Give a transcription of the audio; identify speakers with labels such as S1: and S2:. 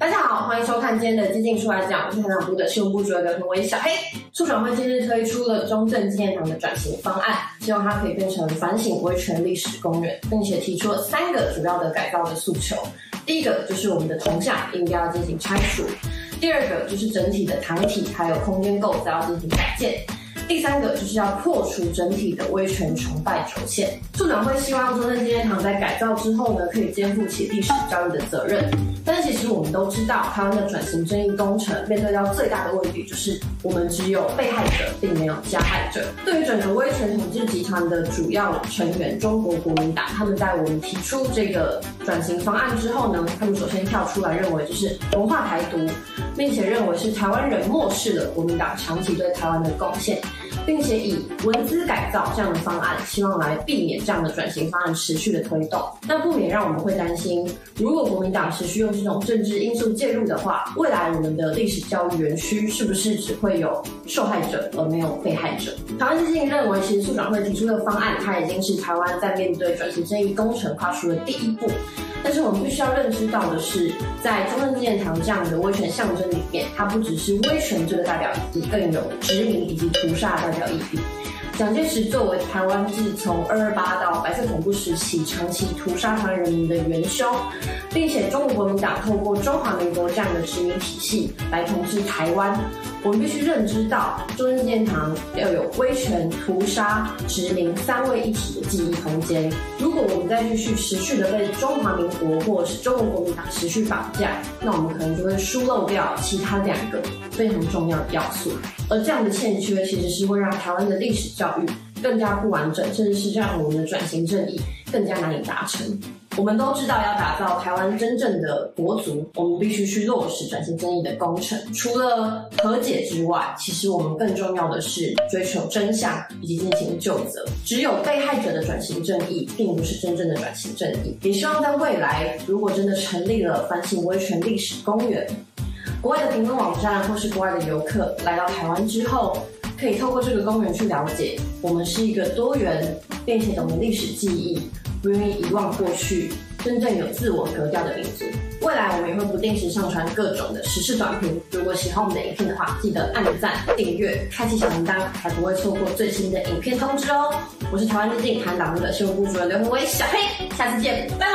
S1: 大家好，歡迎收看今天的《基進出來講》，我是台南黨部的新聞部主任的恆溦小黑。促轉會今天推出了中正紀念堂的轉型方案，希望它可以變成反省威權歷史公園，並且提出了三個主要的改造的訴求。第一個就是我們的銅像應該要進行拆除，第二個就是整體的堂體還有空間構造要進行改建，第三個就是要破除整體的威權崇拜軸線。促轉會希望中正紀念堂在改造之後呢，可以肩負起歷史教育的責任。但是我們都知道，台灣的轉型正義工程面對到最大的問題就是，我們只有被害者，並沒有加害者。對於整個威權統治集團的主要的成員，中國國民黨，他們在我們提出這個轉型方案之後呢，他們首先跳出來認為就是文化台獨，並且認為是台灣人漠視了國民黨長期對台灣的貢獻，並且以文資改造這樣的方案，希望來避免這樣的轉型方案持續的推動。那不免讓我們會擔心，如果國民黨持續用這種政。政治因素介入的話，未來我們的歷史教育園區是不是只會有受害者而沒有被害者？台灣基進認為，其實促轉會提出的方案，它已經是台灣在面對轉型正義工程跨出的第一步。但是我們必須要認知到的是，在中正紀念堂這樣的威權象徵裡面，它不只是威權這個代表意義，更有殖民以及屠殺代表意義。蔣介石作為台灣自從二二八到白色恐怖時期長期屠殺台灣人民的元兇，並且中國國民黨透過中華民國這樣的殖民體系來統治台灣。我們必須認知到，中正紀念堂要有威權屠殺、殖民三位一體的記憶空間。如果我們再繼續持續的被中華民國或是中國國民黨持續綁架，那我們可能就會疏漏掉其他兩個非常重要的要素。而這樣的欠缺，其實是會讓台灣的歷史教育，更加不完整，甚至是讓我們的轉型正義更加難以達成。我們都知道，要打造台灣真正的國族，我們必須去落實轉型正義的工程。除了和解之外，其實我們更重要的是追求真相以及進行究責。只有被害者的轉型正義，並不是真正的轉型正義。也希望在未來，如果真的成立了反省威權歷史公園，國外的評論網站或是國外的遊客來到台灣之後。可以透過這個公園去了解，我們是一個多元，並且懂得歷史記憶，不願意遺忘過去，真正有自我格調的民族。未來我們也會不定時上傳各種的時事短評，如果喜歡我們的影片的話，記得按讚、訂閱、開啟小鈴鐺，還不會錯過最新的影片通知哦。我是台灣基進台南黨部的新聞部主任劉恆溦，小黑，下次見，拜拜。